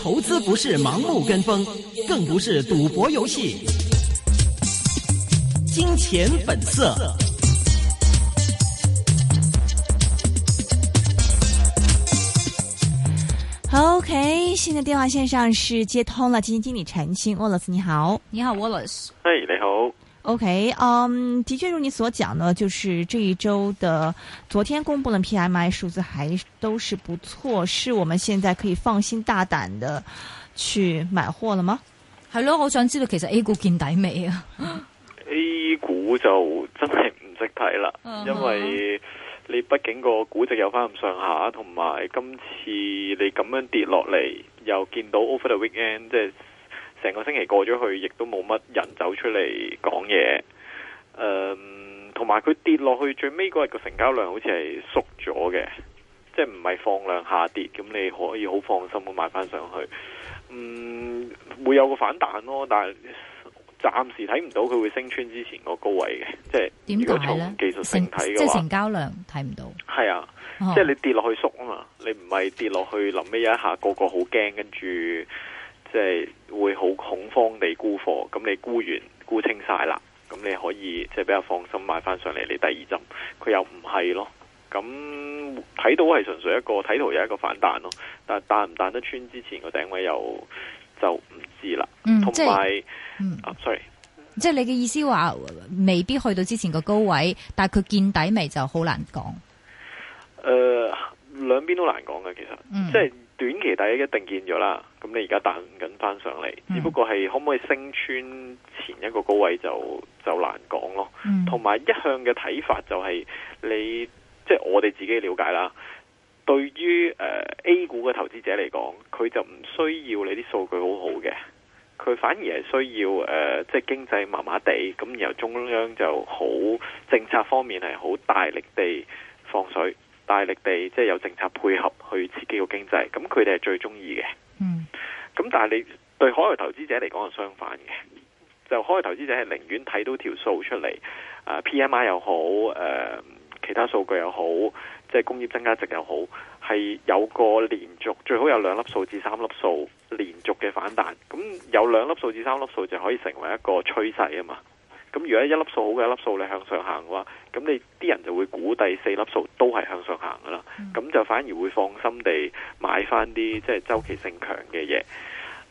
投資不是盲目跟風，更不是賭博遊戲。金錢本色。OK，現在電話線上是接通了。基金，金經理陳昕沃羅斯，Wallace, 你好。你好，Wallace。嘿，hey, 你好。O.K. 嗯、um,，的確如你所講呢，就是這一周的昨天公布的 P.M.I 數字還都是不錯，是我們現在可以放心大膽的去買貨了嗎？係咯。好我想知道其實 A 股見底未啊 ？A 股就真係唔識睇啦，uh huh. 因為你畢竟個估值有翻咁上下，同埋今次你咁樣跌落嚟，又見到 Over the weekend 即係。成個星期過咗去，亦都冇乜人走出嚟講嘢。嗯，同埋佢跌落去最尾嗰日個成交量好似係縮咗嘅，即係唔係放量下跌。咁你可以好放心咁買翻上去。嗯，會有個反彈咯，但係暫時睇唔到佢會升穿之前個高位嘅，即係點解咧？技術性睇，即係成交量睇唔到。係啊，哦、即係你跌落去縮啊嘛，你唔係跌落去臨尾一下個個好驚，跟住。即係會好恐慌地沽貨，咁你沽完沽清晒啦，咁你可以即係比較放心買翻上嚟。你第二針佢又唔係咯，咁睇到係純粹一個睇圖有一個反彈咯，但係彈唔彈得穿之前個頂位又就唔知啦。同埋，嗯，有嗯，啊，sorry，即係你嘅意思話未必去到之前個高位，但係佢見底未就好難講。誒，呃，兩邊都難講嘅，其實，嗯，即係短期底一定見咗啦。咁你而家彈緊翻上嚟，只不過係可唔可以升穿前一個高位就就難講咯。同埋一向嘅睇法就係，你即係我哋自己了解啦。對於誒 A 股嘅投資者嚟講，佢就唔需要你啲數據好好嘅，佢反而係需要誒即係經濟麻麻地，咁然後中央就好政策方面係好大力地放水，大力地即係、就是、有政策配合去刺激個經濟，咁佢哋係最中意嘅。但係你對海外投資者嚟講係相反嘅，就海外投資者係寧願睇到條數出嚟，呃，PMI 又好，呃，其他數據又好，即係工業增加值又好，係有個連續最好有兩粒數至三粒數連續嘅反彈，咁有兩粒數至三粒數就可以成為一個趨勢啊嘛。咁如果一粒數好嘅一粒數你向上行嘅話，咁你啲人就會估第四粒數都係向上行噶啦，咁就反而會放心地買翻啲即係周期性強嘅嘢。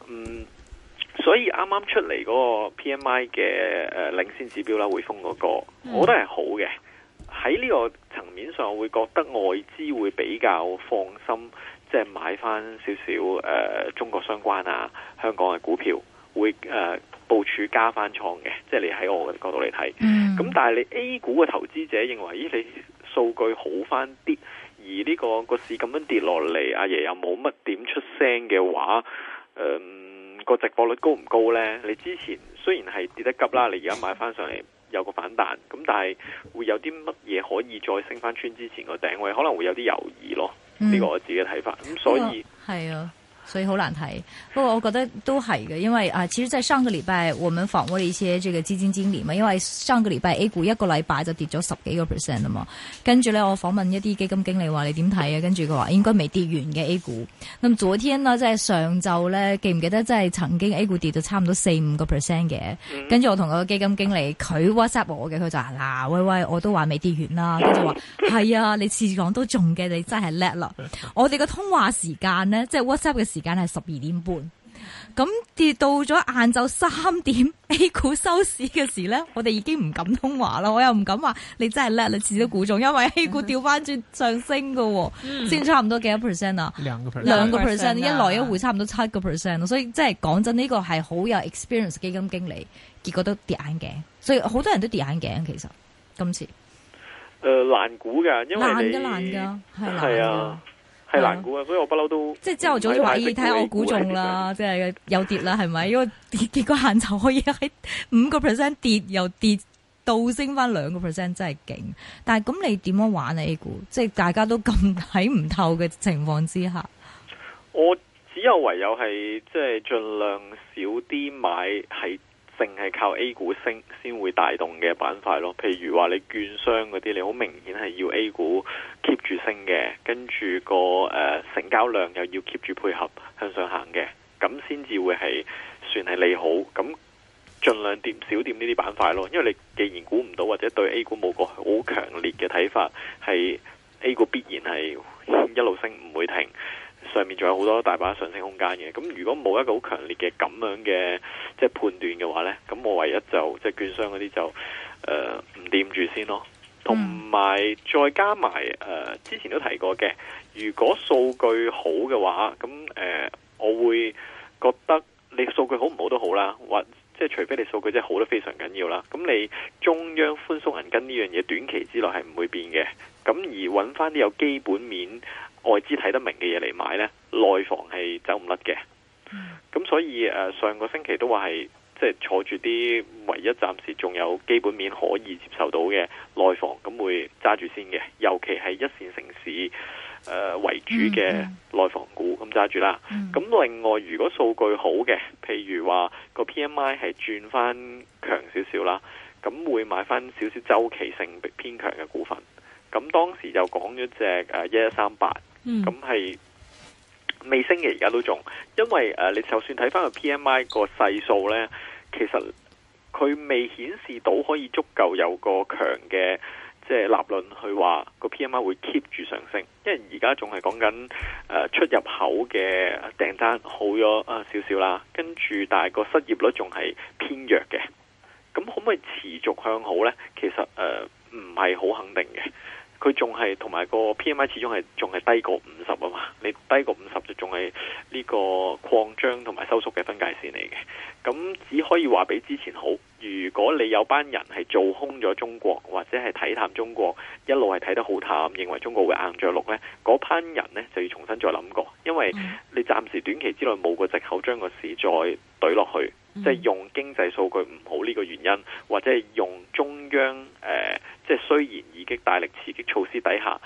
嗯，所以啱啱出嚟嗰個 PMI 嘅誒、呃、領先指標啦，匯豐嗰、那個，我覺得係好嘅。喺呢個層面上，我會覺得外資會比較放心，即、就、係、是、買翻少少誒、呃、中國相關啊香港嘅股票，會誒、呃、部署加翻倉嘅。即係你喺我嘅角度嚟睇，咁、嗯嗯、但係你 A 股嘅投資者認為，咦你數據好翻啲，而呢、這個個市咁樣跌落嚟，阿爺又冇乜點出聲嘅話。誒，個、嗯、直播率高唔高呢？你之前雖然係跌得急啦，你而家買翻上嚟有個反彈，咁但係會有啲乜嘢可以再升翻穿之前個頂位，可能會有啲猶豫咯。呢、嗯、個我自己嘅睇法。咁所以係啊。嗯所以好難睇，不過我覺得都係嘅，因為啊，其實喺上個禮拜，我們訪問一些這個基金經理嘛，因為上個禮拜 A 股一個禮拜就跌咗十幾個 percent 啊嘛，跟住咧我訪問一啲基金經理話你點睇啊，跟住佢話應該未跌完嘅 A 股，咁昨天啦，即係上晝咧，記唔記得即係曾經 A 股跌到差唔多四五個 percent 嘅，跟住、嗯、我同個基金經理佢 WhatsApp 我嘅，佢就嗱、啊、喂喂，我都話未跌完啦，跟住話係啊，你次次講都中嘅，你真係叻啦， 我哋個通話時間呢，即係 WhatsApp 嘅。時間係十二點半，咁跌到咗晏晝三點，A 股收市嘅時咧，我哋已經唔敢通話啦。我又唔敢話你真係叻，你似啲估中，因為 A 股調翻轉上升嘅，先 差唔多幾多 percent 啊？兩個 percent，兩個 percent，per 一來一回差唔多七個 percent。所以真係講真，呢個係好有 experience 基金經理，結果都跌眼鏡，所以好多人都跌眼鏡。其實今次，誒難估嘅，難嘅難嘅係難嘅。是難的係難估啊，所以、嗯、我不嬲都樣即係朝頭早就懷疑，睇下我估中啦，即係有跌啦，係咪？因為跌個限就可以喺五個 percent 跌，又跌到升翻兩個 percent，真係勁。但係咁你點樣玩呢 A 股？即係大家都咁睇唔透嘅情況之下，我只有唯有係即係盡量少啲買係。淨係靠 A 股升先會帶動嘅板塊咯，譬如話你券商嗰啲，你好明顯係要 A 股 keep 住升嘅，跟住、那個誒、呃、成交量又要 keep 住配合向上行嘅，咁先至會係算係利好。咁盡量掂少掂呢啲板塊咯，因為你既然估唔到或者對 A 股冇個好強烈嘅睇法，係 A 股必然係一路升唔會停。上面仲有好多大把上升空間嘅，咁如果冇一個好強烈嘅咁樣嘅即係判斷嘅話呢，呢咁我唯一就即係、就是、券商嗰啲就誒唔掂住先咯，同埋再加埋誒、呃、之前都提過嘅，如果數據好嘅話，咁誒、呃、我會覺得你數據好唔好都好啦，或者即係除非你數據真係好得非常緊要啦，咁你中央寬鬆銀根呢樣嘢短期之內係唔會變嘅，咁而揾翻啲有基本面。外資睇得明嘅嘢嚟買呢，內房係走唔甩嘅。咁、嗯、所以誒、呃、上個星期都話係即係坐住啲唯一暫時仲有基本面可以接受到嘅內房，咁會揸住先嘅，尤其係一線城市誒、呃、為主嘅內房股，咁揸住啦。咁、嗯、另外如果數據好嘅，譬如話個 PMI 係轉翻強少少啦，咁會買翻少少周期性偏強嘅股份。咁當時又講咗隻1138。啊。咁係、嗯、未升嘅，而家都仲，因為誒，你就算睇翻個 PMI 個細數咧，其實佢未顯示到可以足夠有個強嘅即係立論去話個 PMI 會 keep 住上升，因為而家仲係講緊誒出入口嘅訂單好咗啊、呃、少少啦，跟住但係個失業率仲係偏弱嘅，咁可唔可以持續向好咧？其實誒唔係好肯定嘅。佢仲係同埋個 PMI 始終係仲係低過五十啊嘛，你低過五十就仲係呢個擴張同埋收縮嘅分界線嚟嘅，咁只可以話比之前好。如果你有班人係做空咗中國或者係睇淡中國，一路係睇得好淡，認為中國會硬著陸呢，嗰班人呢就要重新再諗過，因為你暫時短期之內冇個藉口將個市再懟落去。即係用經濟數據唔好呢個原因，或者係用中央誒，即、呃、係、就是、雖然已經大力刺激措施底下，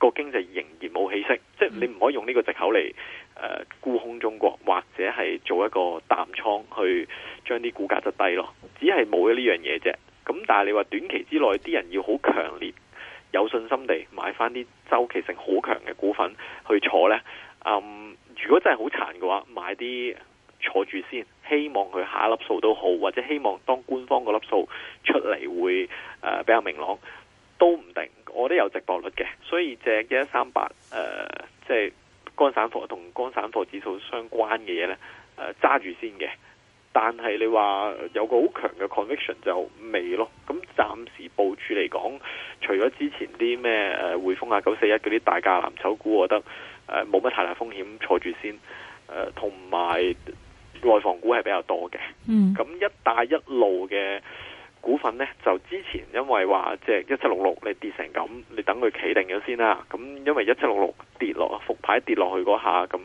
那個經濟仍然冇起色，即、就、係、是、你唔可以用呢個藉口嚟誒、呃、沽空中國，或者係做一個淡倉去將啲股價質低咯。只係冇咗呢樣嘢啫。咁但係你話短期之內啲人要好強烈有信心地買翻啲周期性好強嘅股份去坐呢？嗯，如果真係好殘嘅話，買啲坐住先。希望佢下一粒數都好，或者希望當官方嗰粒數出嚟，會誒、呃、比較明朗，都唔定。我都有直播率嘅，所以隻一三八誒，即係乾散貨同乾散貨指數相關嘅嘢咧誒，揸住先嘅。但係你話有個好強嘅 conviction 就未咯。咁暫時部署嚟講，除咗之前啲咩誒匯豐啊、九四一嗰啲大價藍籌股，我覺得誒冇乜太大風險，坐住先。誒同埋。內房股係比較多嘅，咁、嗯、一帶一路嘅股份呢，就之前因為話即係一七六六，你跌成咁，你等佢企定咗先啦。咁因為一七六六跌落，復牌跌落去嗰下，咁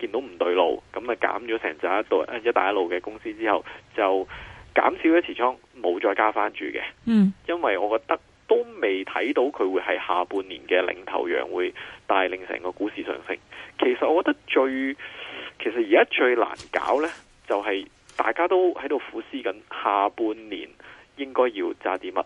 見到唔對路，咁咪減咗成隻度。一帶一路嘅公司之後就減少咗持倉，冇再加翻住嘅。嗯，因為我覺得都未睇到佢會係下半年嘅領頭羊，會帶領成個股市上升。其實我覺得最。其實而家最難搞呢，就係、是、大家都喺度苦思緊下半年應該要揸啲乜？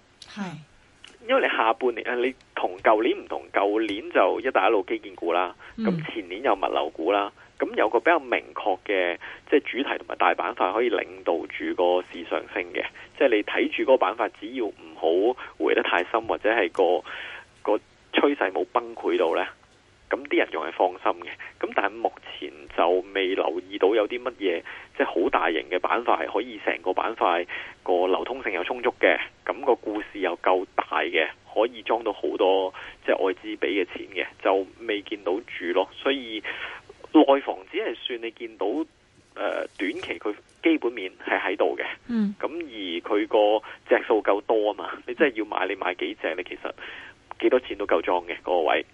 因為你下半年啊，你同舊年唔同，舊年就一帶一路基建股啦，咁前年有物流股啦，咁有個比較明確嘅即係主題同埋大板塊可以領導住個市場性嘅，即、就、係、是、你睇住個板塊，只要唔好回得太深，或者係、那個個趨勢冇崩潰到呢。咁啲人仲係放心嘅，咁但係目前就未留意到有啲乜嘢，即係好大型嘅板塊可以成個板塊個流通性又充足嘅，咁個故事又夠大嘅，可以裝到好多即係外資俾嘅錢嘅，就未見到住咯。所以內房只係算你見到，誒短期佢基本面係喺度嘅，嗯，咁而佢個隻數夠多啊嘛，你真係要買你買幾隻你其實幾多錢都夠裝嘅嗰個位。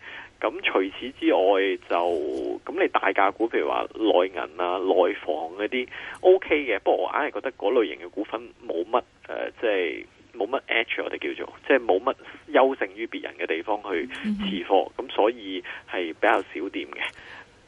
咁除此之外就咁你大價股譬如話內銀啊內房嗰啲 OK 嘅，不過我硬係覺得嗰類型嘅股份冇乜誒，即係冇乜 edge 我哋叫做即係冇乜優勝於別人嘅地方去持貨，咁所以係比較少掂嘅。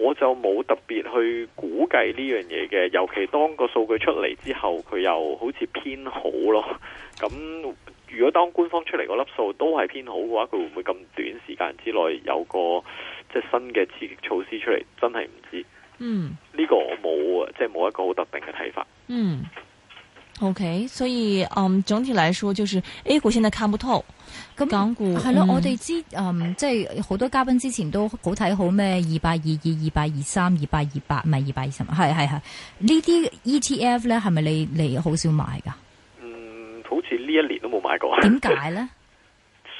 我就冇特別去估計呢樣嘢嘅，尤其當個數據出嚟之後，佢又好似偏好咯。咁如果當官方出嚟個粒數都係偏好嘅話，佢會唔會咁短時間之內有個即係新嘅刺激措施出嚟？真係唔知。嗯，呢個我冇啊，即係冇一個好特定嘅睇法。嗯，OK，所以嗯，um, 總體來說，就是 A 股現在看不透。港股係咯，嗯、我哋之誒，即係好多嘉賓之前都好睇好咩？二百二二、二百二三、二百二百，唔係二百二十，係係係。呢啲 ETF 咧，係咪你好少買噶？嗯，好似呢一年都冇買過。點解咧？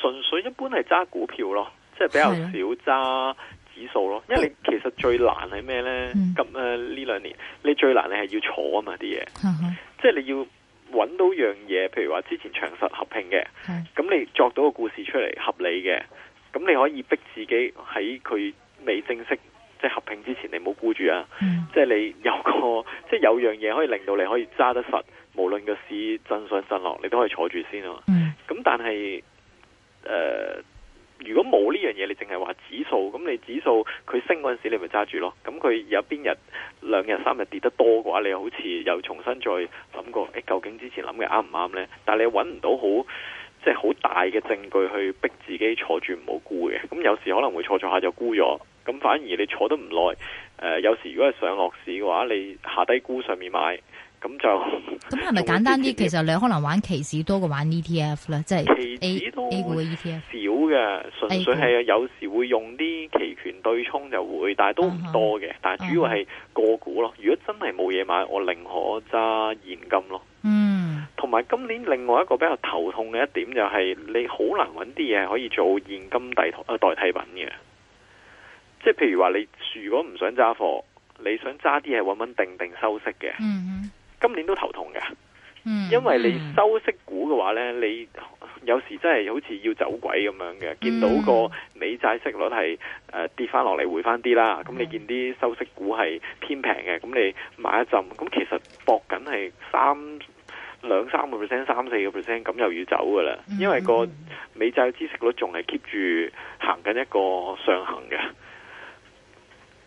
純粹一般係揸股票咯，即係比較少揸指數咯。因為你其實最難係咩咧？咁誒呢兩年你最難你係要坐啊嘛啲嘢，即係、嗯、你要。揾到樣嘢，譬如話之前長實合併嘅，咁是你作到個故事出嚟合理嘅，咁你可以逼自己喺佢未正式即係、就是、合併之前，你冇顧住啊，即係是你有個即係、就是、有樣嘢可以令到你可以揸得實，無論個市震上震落，你都可以坐住先咯、啊。咁是但係誒。呃如果冇呢樣嘢，你淨係話指數，咁你指數佢升嗰陣時，你咪揸住咯。咁佢有邊日兩日三日跌得多嘅話，你好似又重新再諗過，誒、欸，究竟之前諗嘅啱唔啱呢？但係你揾唔到好即係好大嘅證據去逼自己坐住唔好沽嘅。咁有時可能會坐坐下就沽咗。咁反而你坐得唔耐、呃，有時如果係上落市嘅話，你下低沽上面買。咁就咁係咪簡單啲？其實你可能玩期指多過玩 ETF 啦，即係期指 ETF 少嘅，純粹係有時會用啲期權對沖就會，但係都唔多嘅。Uh huh. 但係主要係個股咯。如果真係冇嘢買，我寧可揸現金咯。嗯、uh，同、huh. 埋今年另外一個比較頭痛嘅一點就係、是，你好難揾啲嘢可以做現金代替代品嘅。即係譬如話，你如果唔想揸貨，你想揸啲嘢穩穩定定收息嘅。嗯、uh。Huh. 今年都頭痛㗎！因為你收息股嘅話呢，你有時真係好似要走鬼咁樣嘅。見到個美債息率係跌翻落嚟，回翻啲啦。咁你見啲收息股係偏平嘅，咁、嗯、你買一浸，咁其實搏緊係三兩三個 percent，三四個 percent，咁又要走噶啦。嗯、因為個美債孳息率仲係 keep 住行緊一個上行嘅，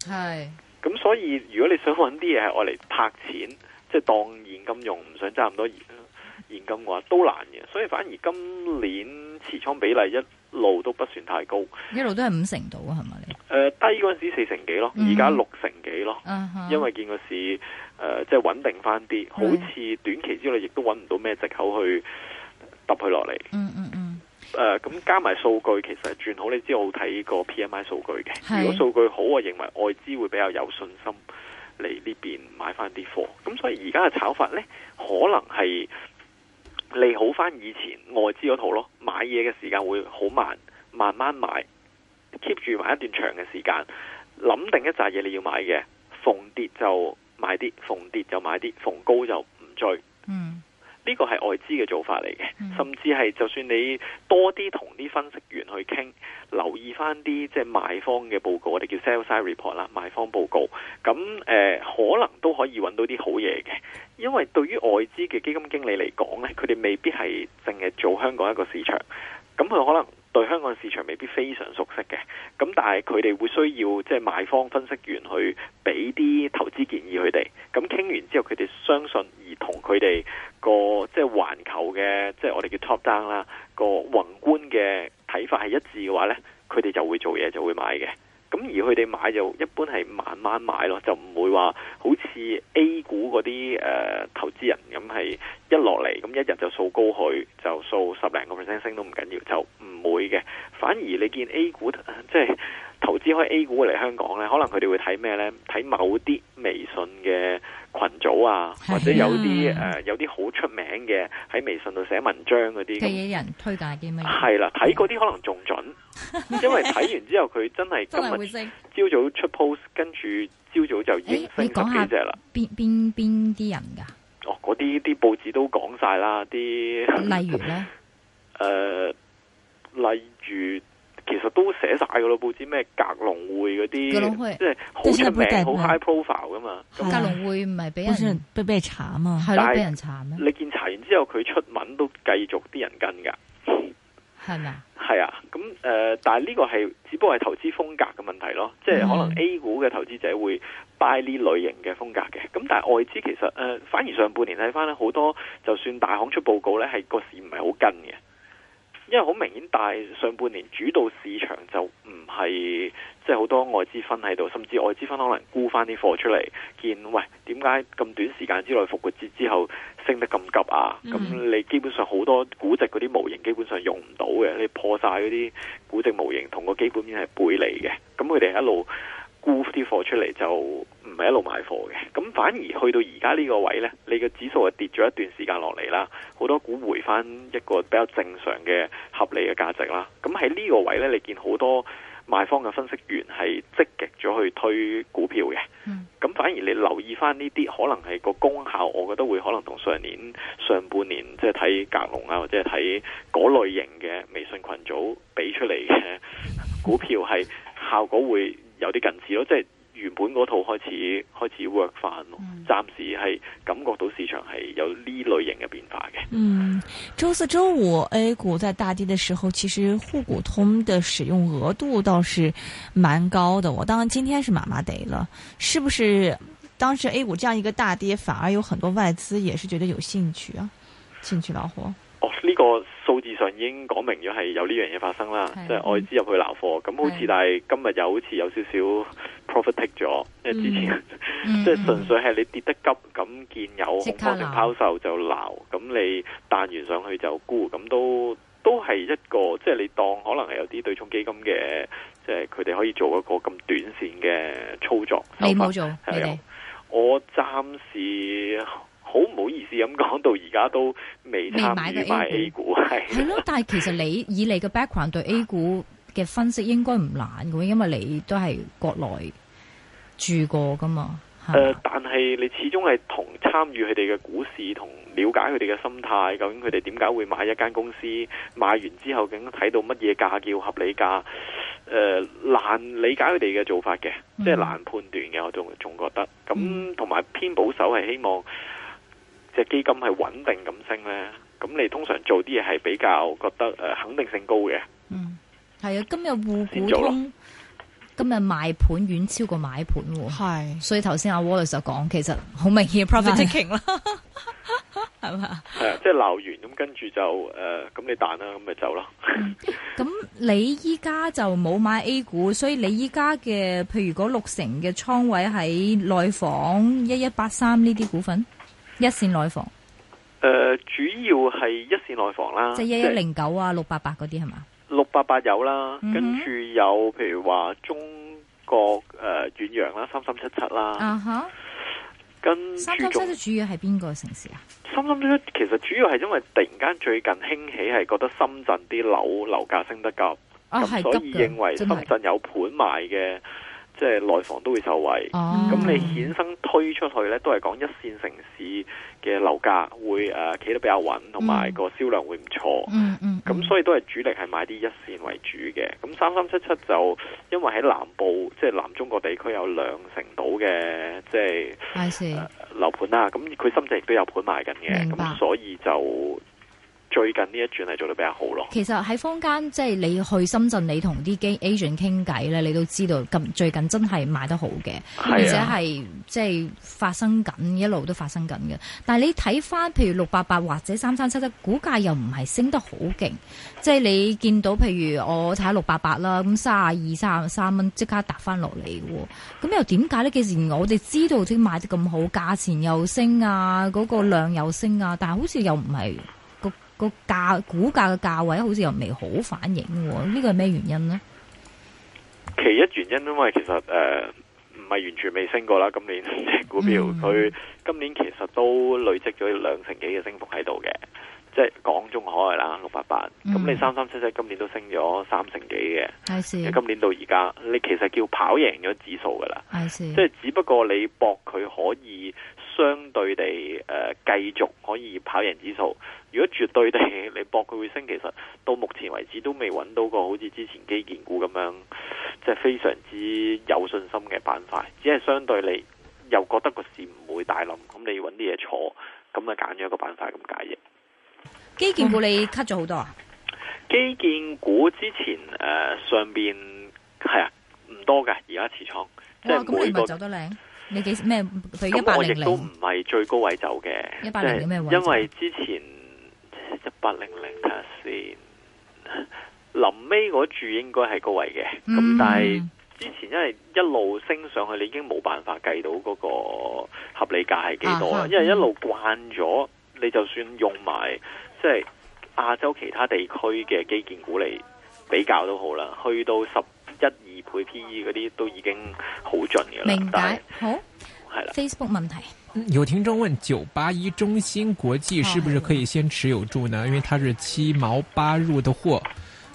係是。咁所以，如果你想揾啲嘢係愛嚟拍錢。即係當現金用，唔想揸咁多現金嘅話都難嘅，所以反而今年持倉比例一路都不算太高，一路都係五成度。啊，係咪？誒，低嗰陣時四成幾咯，而家六成幾咯，mm hmm. uh huh. 因為見個市誒即係穩定翻啲，好似短期之內亦都揾唔到咩藉口去揼佢落嚟。嗯嗯嗯。誒、hmm. 呃，咁加埋數據，其實轉好，你知我睇個 PMI 數據嘅，是如果數據好，我認為外資會比較有信心。嚟呢邊買翻啲貨，咁所以而家嘅炒法呢，可能係利好翻以前外資嗰套咯，買嘢嘅時間會好慢，慢慢買，keep 住買一段長嘅時間，諗定一紮嘢你要買嘅，逢跌就買啲，逢跌就買啲，逢高就唔追。呢個係外資嘅做法嚟嘅，甚至係就算你多啲同啲分析員去傾，留意翻啲即係賣方嘅報告，我哋叫 sell side report 啦，賣方報告，咁誒、呃、可能都可以揾到啲好嘢嘅，因為對於外資嘅基金經理嚟講咧，佢哋未必係淨係做香港一個市場，咁佢可能，對香港市場未必非常熟悉嘅，咁但係佢哋會需要即係買方分析員去俾啲投資建議佢哋。咁傾完之後，佢哋相信而同佢哋個即係環球嘅，即係我哋叫 top down 啦，個宏觀嘅睇法係一致嘅話呢，佢哋就會做嘢，就會買嘅。咁而佢哋買就一般係慢慢買咯，就唔會話好似 A 股嗰啲誒投資人咁係一落嚟咁一日就掃高佢，就掃十零個 percent 升都唔緊要，就唔冇。反而你見 A 股，即係投資開 A 股嚟香港咧，可能佢哋會睇咩咧？睇某啲微信嘅群組啊，或者有啲誒、啊呃，有啲好出名嘅喺微信度寫文章嗰啲嘅人推介啲咩？係啦，睇嗰啲可能仲準，的因為睇完之後佢真係今日朝早出 post 跟住朝早就已經升十幾隻啦。邊邊邊啲人㗎？哦，嗰啲啲報紙都講晒啦，啲例如咧，誒、呃。例如，其實都寫晒噶咯，報紙咩格隆匯嗰啲，格隆即係好出名好 high profile 噶嘛。是的那格隆匯唔係俾人俾咩查嘛？係咯是，俾人查咩？你見查完之後佢出文都繼續啲人跟噶，係咪嗎啊？係啊，咁誒，但係呢個係只不過係投資風格嘅問題咯，即係可能 A 股嘅投資者會 buy 呢類型嘅風格嘅。咁但係外資其實誒、呃，反而上半年睇翻，咧好多就算大行出報告咧，係個市唔係好跟嘅。因為好明顯，但上半年主導市場就唔係，即係好多外資分喺度，甚至外資分可能沽翻啲貨出嚟見，喂點解咁短時間之內復活節之後升得咁急啊？咁、mm hmm. 你基本上好多估值嗰啲模型基本上用唔到嘅，你破晒嗰啲估值模型同個基本面係背離嘅，咁佢哋一路。沽啲貨出嚟就唔係一路買貨嘅，咁反而去到而家呢個位呢，你個指數係跌咗一段時間落嚟啦，好多股回翻一個比較正常嘅合理嘅價值啦。咁喺呢個位呢，你見好多賣方嘅分析員係積極咗去推股票嘅。咁反而你留意翻呢啲，可能係個功效，我覺得會可能同上年上半年即係睇格隆啊，或者係睇嗰類型嘅微信群組俾出嚟嘅股票係效果會有啲近似咯，即係原本嗰套開始開始 work 翻咯。暫時係感覺到市場係有呢類型嘅變化嘅。嗯，周四、周五 A 股在大跌的時候，其實滬股通的使用額度倒是蠻高的。我當然今天是麻麻得了，是不是當時 A 股這樣一個大跌，反而有很多外資也是覺得有興趣啊？興趣老虎。哦，呢、這個數字上已經講明咗係有呢樣嘢發生啦，即係外資入去撈貨。咁的好似但係今日又好似有少少 profit take 咗，即係、嗯、之前，即係純粹係你跌得急咁見有恐慌性拋售就撈，咁你彈完上去就沽，咁都都係一個，即、就、係、是、你當可能係有啲對沖基金嘅，即係佢哋可以做一個咁短線嘅操作。你冇做，吧們我暫時。好唔好意思咁講到而家都未未買，買 A 股係係咯，但係其實你以你嘅 background 對 A 股嘅分析應該唔難嘅，因為你都係國內住過噶嘛。誒、呃，但係你始終係同參與佢哋嘅股市，同了解佢哋嘅心態，究竟佢哋點解會買一間公司，買完之後究竟睇到乜嘢價叫合理價？誒、呃，難理解佢哋嘅做法嘅，嗯、即係難判斷嘅，我仲仲覺得咁，同埋偏保守係希望。即基金係穩定咁升咧，咁你通常做啲嘢係比較覺得誒、呃，肯定性高嘅。嗯，係啊，今日滬股通今日賣盤遠超過買盤，係的，所以頭先阿 Wallace 就講，其實好明顯的 profit taking 啦，係咪啊？係啊的，即係鬧完咁，跟住就誒，咁、呃、你彈啦，咁咪走咯。咁、 嗯、你依家就冇買 A 股，所以你依家嘅譬如嗰六成嘅倉位喺內房一一八三呢啲股份。一線內房，誒、呃，主要係一線內房啦，即係一一零九啊，六八八嗰啲係嘛？六八八有啦，mm hmm. 跟住，有譬如話中國誒、呃、遠洋啦，三三七七啦，啊哈、uh，huh. 跟三三七七主要係邊個城市啊？三三七七其實主要係因為突然間最近興起，係覺得深圳啲樓樓價升得急，咁、啊、所以認為深圳有盤賣嘅。啊即係內房都會受惠，咁、oh. 你衍生推出去呢，都係講一線城市嘅樓價會誒、企、呃、得比較穩，同埋、mm. 個銷量會唔錯。嗯嗯，咁所以都係主力係買啲一,一線為主嘅。咁三三七七就因為喺南部，即、就、係、是、南中國地區有兩成度嘅即係樓盤啦。咁佢深圳亦都有盤賣緊嘅，咁明白。所以就。最近呢一轉係做得比較好咯。其實喺坊間，即係你去深圳，你同啲 agent 傾偈咧，你都知道咁最近真係賣得好嘅，啊、而且係即係發生緊，一路都發生緊嘅。但係你睇翻，譬如六八八或者三三七七，股價又唔係升得好勁，即係你見到譬如我睇下六八八啦，咁三廿二、三廿三蚊即刻跌翻落嚟喎。咁又點解咧？既然我哋知道即賣得咁好，價錢又升啊，嗰個量又升啊，但係好似又唔係。個價股價嘅價位好似又未好反應，呢個係咩原因呢？其一原因因為其實誒唔係完全未升過啦，今年隻股票佢、嗯、今年其實都累積咗兩成幾嘅升幅喺度嘅，即係港中海外啦六八八，咁、嗯、你三三七七今年都升咗三成幾嘅，係是，是，今年到而家你其實叫跑贏咗指數噶啦，係是，是，即係只不過你博佢可以。相對地，誒、呃，繼續可以跑贏指數。如果絕對地，你搏佢會升，其實到目前為止都未揾到個好似之前基建股咁樣，即係非常之有信心嘅板塊。只係相對你又覺得個市唔會大冧，咁你揾啲嘢坐，咁咪揀咗一個板塊咁解嘅。基建股你 cut 咗好多啊、嗯？基建股之前誒、呃、上邊係啊唔多嘅，而家持倉即係每個。你幾咩？佢一百亦都唔係最高位走嘅。一百咩位？因為之前一八零零，睇下先，臨尾嗰注應該係高位嘅。咁、嗯、但係之前因為一路升上去，你已經冇辦法計到嗰個合理價係幾多啦、啊、因為一路慣咗，你就算用埋即係亞洲其他地區嘅基建股嚟比較都好啦，去到十。一二倍 PE 嗰啲都已經好盡嘅，明白，好係啦。Facebook 問題，有聽眾問九八一中芯國際是不是可以先持有住呢？哎、呀因為它是七毛八入的貨，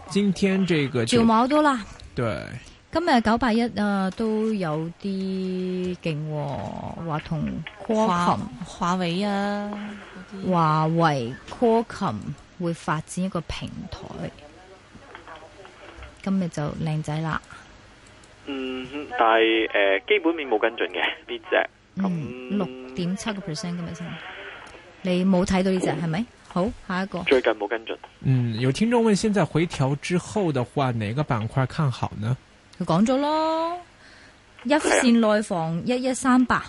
今天這個九毛多啦。對，今日九八一啊都有啲勁、哦，話同科勤華為啊，華為科琴會發展一個平台。今日就靚仔啦，嗯，但係誒、呃，基本面冇跟進嘅呢隻，咁，六點七個 percent 今咪先，你冇睇到呢隻係咪？好，下一個，最近冇跟進。嗯，有聽眾問，現在回調之後的話，哪個板塊看好呢？佢講咗咯，一線內房一一三八，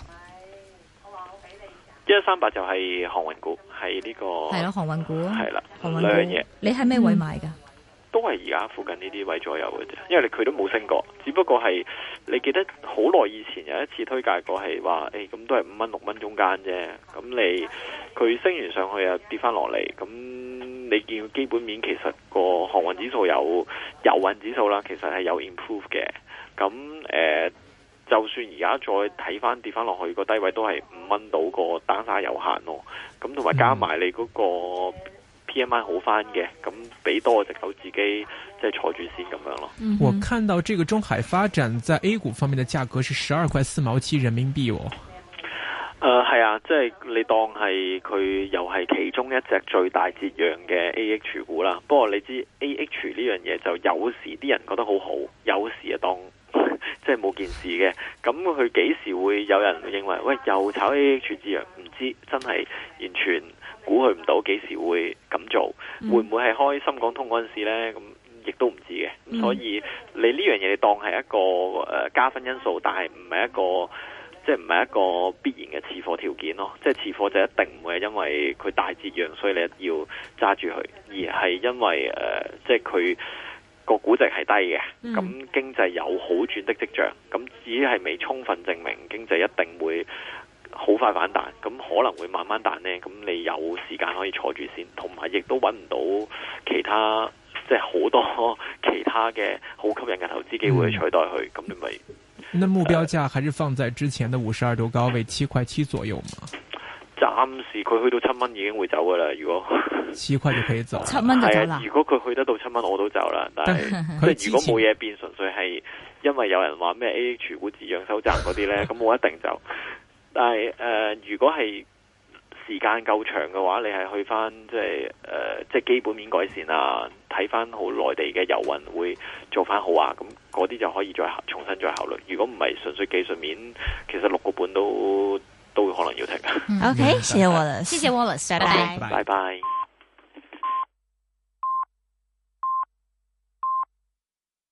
一一三八就係航運股，、啊啊、股，係呢個係咯，航運股係啦，兩樣嘢，你喺咩位買噶？嗯都係而家附近呢啲位左右嘅啫，因為佢都冇升過，只不過係你記得好耐以前有一次推介過係話，誒、哎、咁都係五蚊六蚊中間啫。咁你佢升完上去又跌翻落嚟，咁你見個基本面其實個航運指數有油運指數啦，其實係有 improve 嘅。咁誒、呃，就算而家再睇翻跌翻落去個低位，都係五蚊到個單單有限咯。咁同埋加埋你嗰、那個。嗯 P M I 好翻嘅，咁俾多隻狗自己即係、就是、坐住先咁樣咯。我看到這個中海發展在 A 股方面的價格是十二塊四毛七人民幣哦。誒、呃，係啊，即、就、係、是、你當係佢又係其中一隻最大折讓嘅 A H 股啦。不過你知 A H 呢樣嘢就有時啲人覺得好好，有時又當即係冇件事嘅。咁佢幾時會有人認為喂又炒 A H 折讓？唔知真係完全。估佢唔到幾時會咁做，嗯、會唔會係開深港通嗰陣時呢？咁亦都唔知嘅。所以你呢樣嘢當係一個加分因素，但係唔係一個即係唔係一個必然嘅持貨條件咯。即、就、係、是、持貨就一定唔會係因為佢大折讓，所以你要揸住佢，而係因為即佢個估值係低嘅，咁、嗯、經濟有好轉的跡象，咁只係未充分證明經濟一定會。好快反彈，咁可能會慢慢彈呢。咁你有時間可以坐住先，同埋亦都揾唔到其他即係好多其他嘅好吸引嘅投資機會去取代佢。咁你咪。那，就那目標價還是放在之前的五十二周高位、呃、七塊七左右嘛。暫時佢去到七蚊已經會走噶啦。如果七塊就可以走，七蚊就走啦，啊。如果佢去得到七蚊，我都走啦。但係佢如果冇嘢變，純粹係因為有人話咩 A H 股自癢收窄嗰啲呢，咁、嗯、我一定就。但係誒、呃，如果係時間夠長嘅話，你係去返即係誒，即係、呃、基本面改善啊，睇返好內地嘅遊運會做返好啊，咁嗰啲就可以再重新再考慮。如果唔係純粹技術面，其實六個半都都會可能要停。O K，謝謝 Wallace，謝謝 Wallace，拜拜，拜拜。